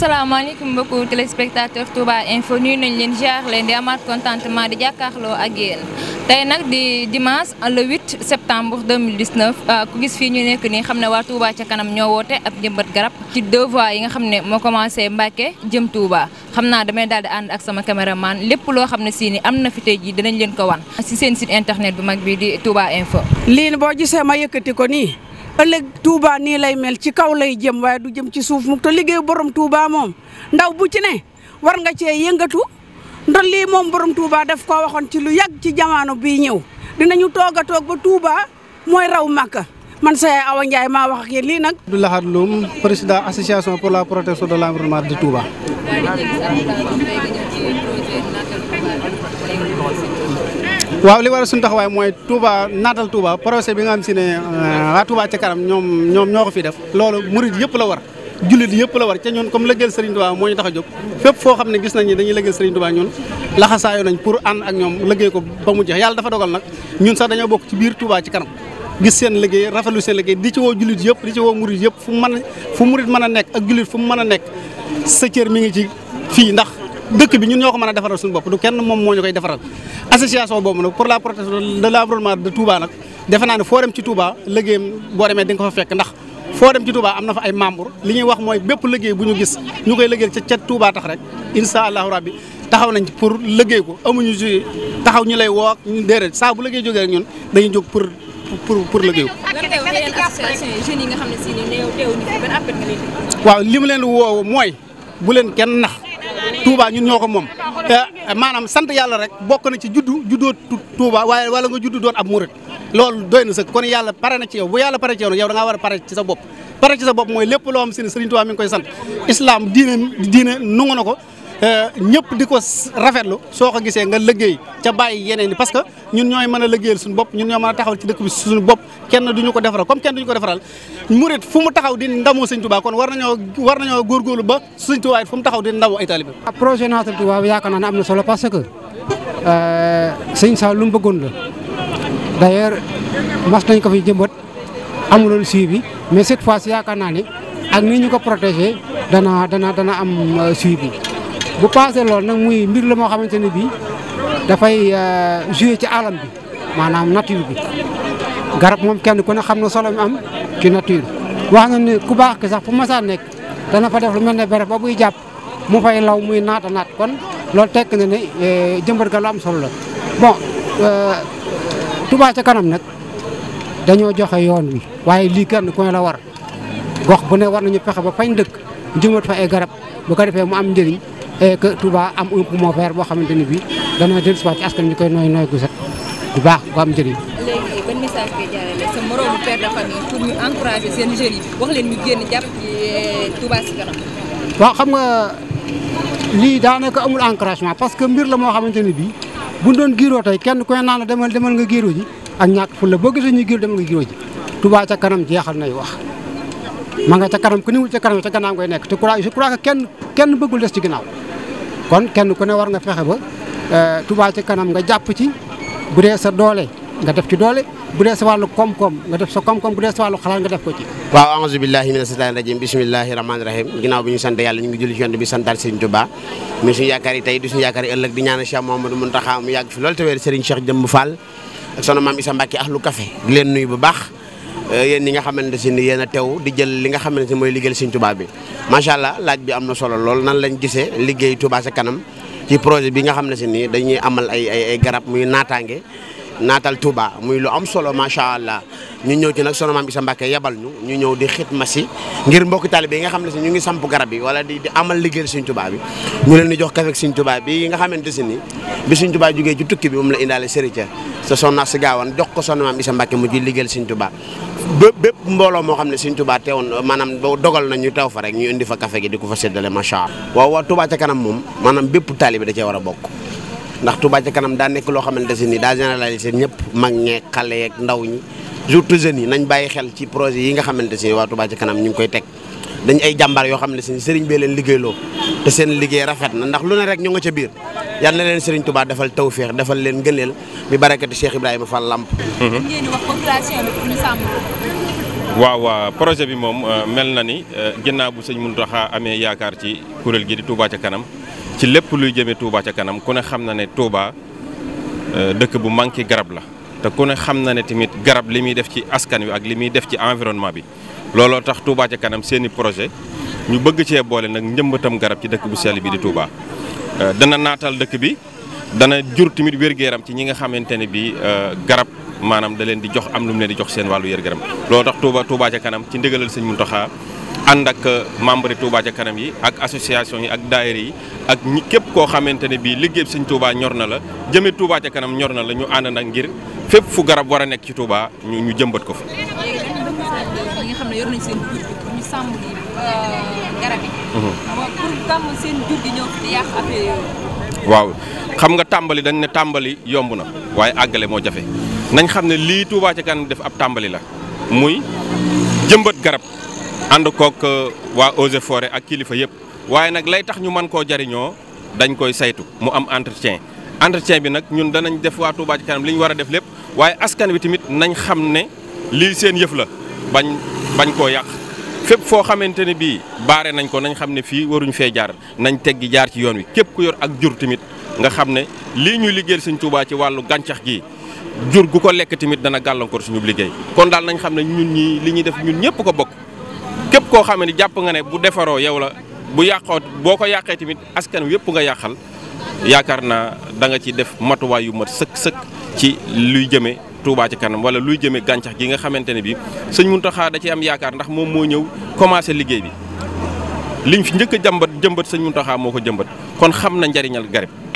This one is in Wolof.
asalaamaaleykum mbokku téléspectateur Touba Info nuyu nañ leen jaar leen di amaat contentement di jàkkaarloo ak yéen tey nag di dimance le 8 septembre 2019 ah, ku gis fii ñu nekk nii xam ne waa Touba ca kanam ñoo woote ab jëmbat garab ci deux voies yi nga xam ne moo commencé Mbacke jëm Touba xam naa damay daal di ànd ak sama caméraman lépp loo xam ne si ni am na fi tey jii dinañ leen ko wan si seen site internet bu mag bi di Touba Info. lii boo gisee ma yëkkati ko nii. ëllëg Touba nii lay mel ci kaw lay jëm waaye du jëm ci suuf mu te liggéeyu borom Touba moom ndaw bu ci ne war nga cee yëngatu ndax lii moom borom Touba daf koo waxoon ci lu yàgg ci jamono bii ñëw dinañu toog a toog ba Touba mooy raw Màkka man sa yaay Awa Ndiaye maa wax ak yéen lii nag. Abdou Lahad Loum président association pour la protection de l'environnement de Touba. waaw li waral suñu taxawaay mooy Touba naatal Touba projet bi nga am si ne euh, waa Touba ca kanam ñoom ñoom ñoo ko fi def loolu murid yëpp la war jullit yëpp la war ca ñun comme lëggeel Serigne Touba moo ñu tax a jóg fépp foo xam ne gis nañ ni dañuy lëggeel Serigne Touba ñun laxasaayoo nañ pour ànd ak ñoom lëggee ko ba mu jeex yàlla dafa dogal nag ñun sax dañoo bokk ci biir Touba ci kanam gis seen liggéey rafetlu seen liggéey di ci woo jullit yëpp di ci woo murit yëpp fu murit mën a nekk ak jullit fu mu a nekk sa cër ngi ci fii ndax dëkk bi ñun ñoo ko mën a defaral suñu bopp du kenn moom moo ñu koy defaral association boobu nag pour la protection de l'environnement de Touba nag defe naa foo dem ci Touba liggéeyam boo demee di nga ko fa fekk ndax foo dem ci Touba am na fa ay membre li ñuy wax mooy bépp liggéey bu ñu gis ñu koy liggéey ca ca Touba tax rek incha allahu rabbi taxaw nañ pour liggéey ko amuñu ci taxaw ñu lay woo déedéet saa bu liggéey jógee rek ñun dañuy jóg pour pour pour liggéey ko. waaw li mu leen di woo mooy bu leen kenn nax Touba ñun ñoo ko moom maanaam sant yàlla rek bokk na ci juddu juddoo Touba waaye wala nga juddu doon ab murit loolu doy na sëkk kon yàlla pare na ci yow bu yàlla pare ci yow yow da ngaa war a pare ci sa bopp pare ci sa bopp mooy lépp loo xam si ne Serigne koy sant islam diine diine na ko. Euh, ñëpp di ko lu soo ko gisee nga liggéey ca bàyyi yeneen yi parce que ñun ñooy mën a liggéeyal suñu bopp ñun ñoo mën a taxaw ci dëkk bi suñu bopp kenn duñu ko defaral comme kenn duñu ko defaral murit fu mu taxaw di ndamoo sëñ Tuubaa kon war nañoo war nañoo góorgóorlu ba sëñ Tuubaa it fu taxaw di ndamoo ay taalibe ah, projet Naatal Touba yaakaar naa ne am na solo parce que euh, sëñ Sall lu mu bëggoon la d'ailleurs mas nañ ko fi jëmbat amuloon suivi mais cette fois ci yaakaar naa ne ak ni ñu ko protégé dana dana dana am euh, suivi bu passé loolu nag muy mbir la moo xamante ne bii dafay euh, joué ci alam bi maanaam nature bi garab moom kenn ku ne xam na solo mi am ci nature wax na ne ku baax ki sax fu masaan nekk dana fa def lu mel ne bere ba buy jàpp mu fay law muy naata naat kon loolu tekk na ne euh, jëmbat ga lu am solo la bon euh, Touba ca kanam nag dañoo joxe yoon wi waaye lii kenn ku ne la war gox bu ne war nañu pexe ba fañ dëkk jëmbat fa ay garab bu ko defee mu am njëriñ et eh, que Touba am un poumon boo xamante ni bii dana dellu si waat ci koy nooy nooy gu set bu baax bu am njëriñ. sa moromu père wax leen ñu génn jàpp ci eh, Touba si kanam. waaw xam nga lii daanaka amul encouragement parce que mbir la moo xamante ni bii bu doon giiroo tey kenn ko ne naan demal demal nga giiroo ji ak ñàkk fu la boo gisee ñi giiroo demal nga giiroo ji Touba ca kanam jeexal nay wax. ma nga ca kanam ku niwul ca kanam ca gannaaw nekk te je crois kenn kenn bëggul des ci ginnaaw. kon kenn ku ne war nga fexe ba eh, Touba ci kanam nga jàpp ci bu dee sa doole nga def ci doole bu dee sa wàllu koom-koom nga def sa koom-koom bu dee sa wàllu xalaat nga def ko ci waaw aouzu billahi mina seytaani rajim bismillahi rahmaani rahim ginnaaw bi ñu sant yàlla ñu ngi julli ci yonent bi santaat Serigne Touba mi suñu yaakaar yi tey di suñu yaakaar yi ëllëg di ñaanal Cheikh Mouhamadou Mountakha mu yàgg fi loolu te wér Serigne Cheikh Jëmb Fall ak sonu maam Issa Mbacke bu baax Euh, yéen ñi nga xamante si ni yéen a teew di jël li nga xamante ni mooy liggéey Sëñ tubaab bi macha allah laaj bi am na solo lool nan lañ gisee liggéey Touba ca kanam ci projet bi nga xam ne si nii dañuy amal ay ay ay garab muy naataange naatal Touba muy lu am solo macha allah ñu ñëw ci nag sunu maam Issa Mbacke yebal ñu ñu ñëw di xitma si ngir mbokki taalibe yi nga xam ne si ñu ngi samp garab bi wala di amal liggéeyal Sëriñ Touba bi ñu leen di jox kafek Sëriñ Touba bi nga xamante si ni bi Sëriñ Touba jógee ci tukki bi moom la indaale sërica sa sonna si gaawan jox ko sunu maam Issa Mbacke mu ciy liggéeyal Sëriñ Touba bépp mbooloo moo xam ne Sëriñ Touba teewoon maanaam dogal na ñu teew fa rek ñu indi fa kafe di ko fa séddale macha allah waaw waa Touba ca kanam moom maanaam bépp taalibe da cee war a bokk ndax Touba kanam daa nekk loo xamante ne nii daa généraliser ñëpp mag ñeeg xale ndaw ñi surtout jeunes yi nañ bàyyi xel ci projet yi nga xamante ne waa Touba ca ñu ngi koy teg dañ ay jàmbaar yoo xam ne si sëriñ bee leen liggéeyloo seen liggéey rafet na ndax lu ne rek ñu nga ca biir yal na leen sëriñ Touba defal tawféex defal leen gëneel bi barakati Cheikh Ibrahima Fall Lamp. ngeen mhm. wax population waaw projet bi moom euh, mel na ni euh, ginnaaw bu sëñ Mountakha amee yaakaar ci kuréel gi di Touba kanam ci lépp luy jëmee Touba ca kanam ku ne xam na ne Touba euh, dëkk bu manqué garab la te ku ne xam na ne tamit garab li muy def ci askan wi ak li muy def ci environnement bi looloo tax Touba ca kanam seeni projet ñu bëgg cee boole nag njëmbatam garab ci dëkk bu sell bi di Touba euh, dana naatal dëkk bi dana jur tamit wér-gu-yaram ci ñi nga xamante ne bi euh, garab maanaam da leen di jox am lu mu leen di jox seen wàllu wér-gu-yaram looloo tax Touba Touba ca kanam ci ndigalal sëñ Mountakha ànd ak euh, membre Touba ca kanam yi ak association yi ak daayira yi ak ñi képp koo xamante ne bii liggéey sëñ tuubaa ñor na la jëme Touba ca kanam ñor na la ñu ànd nag ngir fépp fu garab war nekk ci Touba ñu ñu jëmbat ko fa. nga xam euh, mhm. waaw xam nga tàmbali dañ ne tàmbali yomb na waaye àggale moo jafe nañ xam ne lii Touba ca kanam def ab tàmbali la muy jëmbat garab. ànd kook euh, waa eaux et ak kilifa yëpp waaye nag lay tax ñu man koo jariñoo dañ koy saytu mu am entretien entretien bi nag ñun danañ def waa Touba kanam li ñu war a def lépp waaye askan wi tamit nañ xam ne lii seen yëf la bañ bañ koo yàq fépp foo xamante ne bii baare nañ ko nañ xam ne fii waruñu fee jaar nañ teggi jaar ci yoon wi képp ku yor ak jur tamit nga xam ne lii ñuy liggéeyal Sëñ Touba ci wàllu gàncax gi jur gu ko lekk tamit dana gàllankoor suñu liggéey kon daal xam ne ñun ñi li ñuy def ñun ñëpp ko bokk képp koo xam ne jàpp nga ne bu defaroo yow la bu yàqoo boo ko yàqee tamit askan wi yëpp nga yàqal yaakaar naa da nga ci def matuwaay yu mat sëkk sëkk ci luy jëmee Touba ci kanam wala luy jëmee gàncax gi nga xamante ne bi sëñ Muntaxa da ci am yaakaar ndax moom moo ñëw commencé liggéey bi liñ fi njëkk a jàmbat jëmbat sëñ Muntaxa moo ko jëmbat kon xam na njariñal garab